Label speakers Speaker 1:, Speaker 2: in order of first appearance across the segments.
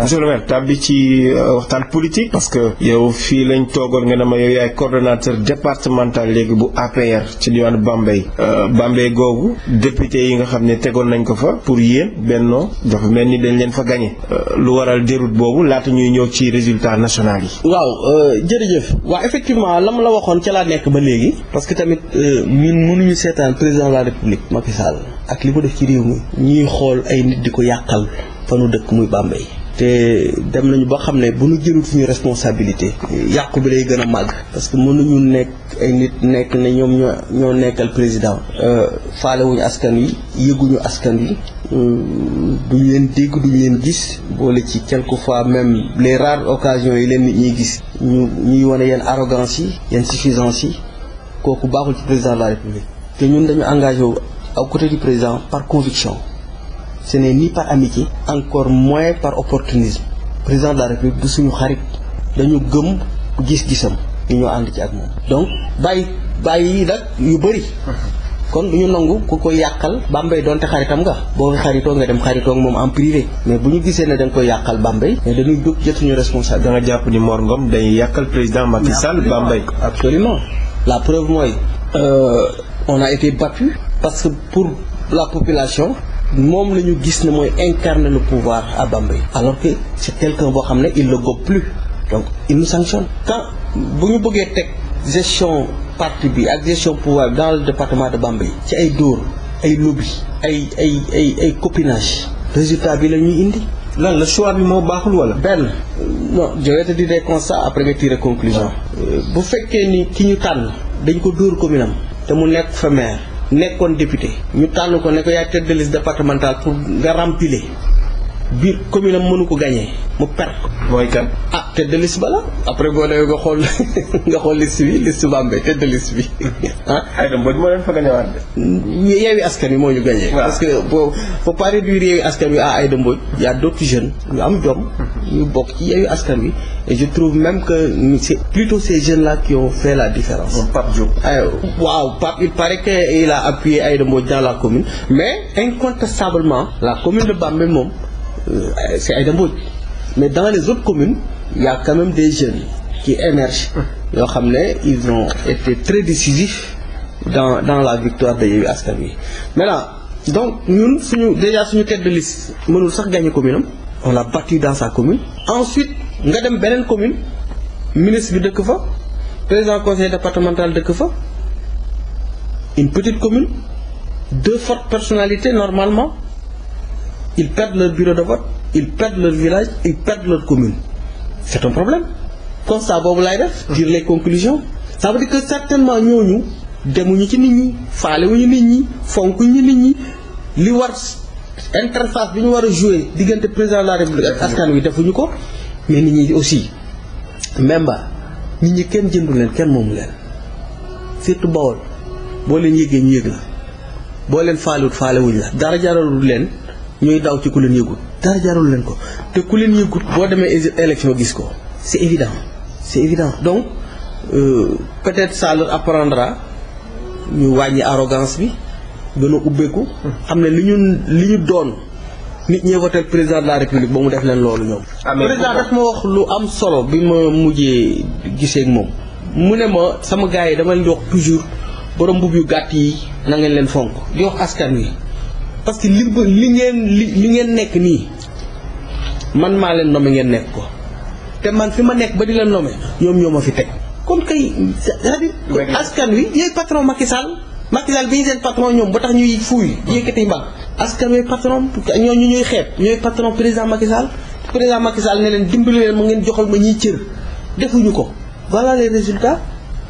Speaker 1: monsieur le maire tàbbi ci euh, waxtaan politique parce que yow fii lañ toogoon nga ne ma yow yaay coordonnateur départemental léegi bu APR ci diwaanu Bambey euh, Bambey googu député yi nga xam ne tegoon nañ ko fa pour yéen bennoo dafa mel ni dañ leen fa gagné euh, lu waral déroute boobu laata ñuy ñëw ci résultat national yi waaw jërëjëf waa effectivement la ma la waxoon ca laa nekk ba léegi parce que tamit ñun mënuñu seetaan président de la république Macky Sall ak li mu def ci réew mi ñuy xool ay nit di ko yàqal fa dëkk muy te dem nañu ba xam ne bu ñu jëlut suñu responsabilité yàqu bi lay gën a màgg parce que mënuñu nekk ay nit nekk ne ñoom ñoo ñoo nekkal président euh, faalewuñu askan wi yëguñu askan wi duñu leen dégg duñu leen gis boole ci quelque fois même les rares occasions yi leen nit ñuy gis ñu ñuy wane yenn arrogance yi yenn suffisance yi kooku baaxul ci président de la république te ñun dañu engagé wu à côté du président par conviction ce n'est ni par amitié encore moins par opportunisme président de la république du suñu xarit dañu gëm gis-gisam ñu ñoo ànd ci ak moom donc bàyyi bàyyi yi nag yu bëri kon du ñu nangu ku koy yàqal Bambey donte xaritam nga boo xaritoo nga dem xaritoo moom en privé mais bu ñu gisee ne da nga koy yàqal Bambey mais dañuy jóg jël responsable da jàpp ni Mor Ngom day yàqal président Macky Sall Bambey absolument la preuve mooy euh, on a été battu parce que pour la population moom la ñu gis ne mooy incarne le pouvoir à Bambey alors que si quelqu'un boo xam ne il le gobe plus donc une nous sanctionne quand bu ñu bëggee teg gestion parti bi ak gestion pouvoir dans le département de bamba yi ci ay dóor ay lobby ay ay ay ay copinage résultat bi la ñuy indi lan la choix bi moo baaxul wala. benn non je vais te dire des constats après nga tirer conclusion euh, bu fekkee ni ki ñu tànn dañ ko dóor commune am te mu nekk fa maire nekkoon député ñu tànn ko ne ko yaay tête de liste départementale pour nga remplir biir commune am mënu ko gagné mu per mooy kan ah tête de liste ba la après boo demee nga xool nga xool bi liste Bambey tête de bi ah. aywa mboj moo leen fa gañewaat de. yeewi askan wi moo ñu gagné. parce que faut faut pas réduire askan wi à ay Mbodj. y a d'autres jeunes ñu am jom. ñu mhm. bokk ci yeewi askan wi. et je trouve même que c'est plutôt ces jeunes là qui ont fait la différence. moom Pape Diop. Ah, waaw Pape il paraît que il a appuyé Aïda Mbodj dans la commune mais incontestablement la commune de Bambey moom euh, c'est Aïda Mbodj mais dans il y a des jeunes qui émergent yoo xam ne ils ont été très décisifs dans dans la victoire de Yewwi Askan Wi maintenant donc ñun suñu déjà suñu tête de liste mënul sax gagné commune am on l'a battu dans sa commune ensuite nga dem beneen commune ministre bi dëkk fa président conseil départemental dëkk fa une petite commune deux fortes personnalités normalement ils perdent leur bureau de vote ils perdent leur village ils perdent leur commune c'est un problème constat boobu laay def dire les conclusions ça veut dire que certainement ñooñu demuñu ci nit ñi faalewuñu nit ñi fonk ñu nit ñi li war interface bi ñu war a jouer diggante président de la république ak askan wi defuñu ko mais nit ñi aussi même ba nit ñi kenn jëndu leen kenn moomu leen surtout Bawol boo leen yëgee ñu yëg la boo leen faalewut faalewuñu la dara jaralul leen ñooy daw ci ku leen yëgut dara jarul leen ko te ku leen yëgut boo demee élection gis ko c' est évident c' est évident donc euh, peut-être ça apprendra ñu wàññi arrogance bi gën ubbeeku xam ne li ñu li ñu doon nit ñee voté président de la république ba mu def leen loolu ñoom président daf ma wax lu am solo bi ma mujjee giseek moom mu ne ma sama gars yi dama leen wax toujours borom mbubb yu gàtt yi na ngeen leen fonk di wax askan wi parce que li li ngeen li li ngeen nekk nii man maa leen nommé ngeen nekk ko te man fi ma nekk ba di leen nommé ñoom ñoo ma fi teg kon kay askan wi yooyu patron Macky Sall bi ñu seen patron ñoom ba tax ñuy fuuy yëkkati mbaam askan wi patron ñooñu ñooy xeeb ñooy patron président Macky Sall président Macky ne leen dimbali leen ma ngeen joxal ma ñiy cër defuñu ko voilà les résultats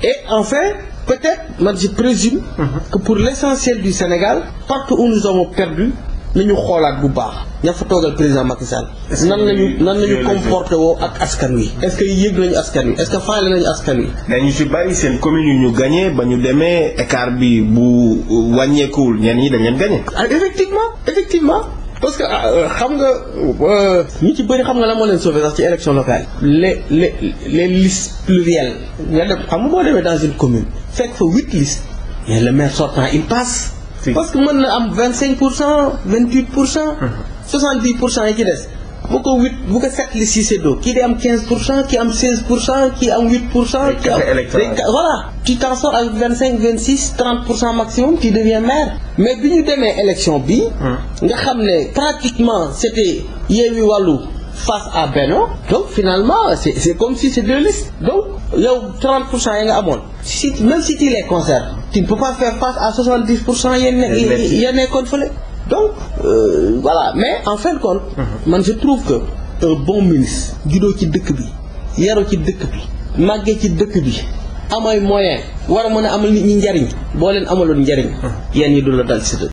Speaker 1: et enfin peut-être man je présume. Mhm. que pour l'essentiel du Sénégal partout où nous avons perdu nañu xoolaat bu baax. ña fa toogal président Macky Sall. nan lañu nan lañu comporté woo ak askan wi. est-ce que yëg nañu askan wi est-ce que faale nañu askan wi. dañu si bàyyi seen commune yu ñu gañee ba ñu demee écart bi bu wàññeekuwul ñenn yi dañ leen ah, effectivement effectivement. parce que ah, euh, xam nga euh, ñu ci bëri xam nga la moo leen sauvé sax ci élection locale les les les listes plurielles nga dem xam nga boo demee dans commune fekk fa huit listes mais le maire sortant il passe parce que mën na am vingt cinq pour cent vingt huit pour cent mhm. soixante dix pour cent yi ci des bu ko huit bu ko sept li Cissé kii day am quinze pour cent kii am seize pour cent kii am huit pour cent. kii am voilà. tu t'en vingt cinq vingt six trente pour cent maximum tu deviens maire. mais bi ñu demee élection bi. Hmm. nga xam ne pratiquement c'était Yewwi Wallu face à Benno donc finalement c'est c'est comme si c'est deux listes donc yow 30 pour cent yi nga amoon si même si tu les conserves tu ne peux pas faire face à 70 pour cent yéen ne yéen nekkoon donc euh, voilà mais en fin de compte. Mhm. man je trouve que un bon ministre juddoo ci dëkk bi yaru ci dëkk bi màggee ci dëkk bi amay moyen wara a mën a amal nit ñi njariñ boo leen amaloon njariñ mhm. yenn yi du la dal ci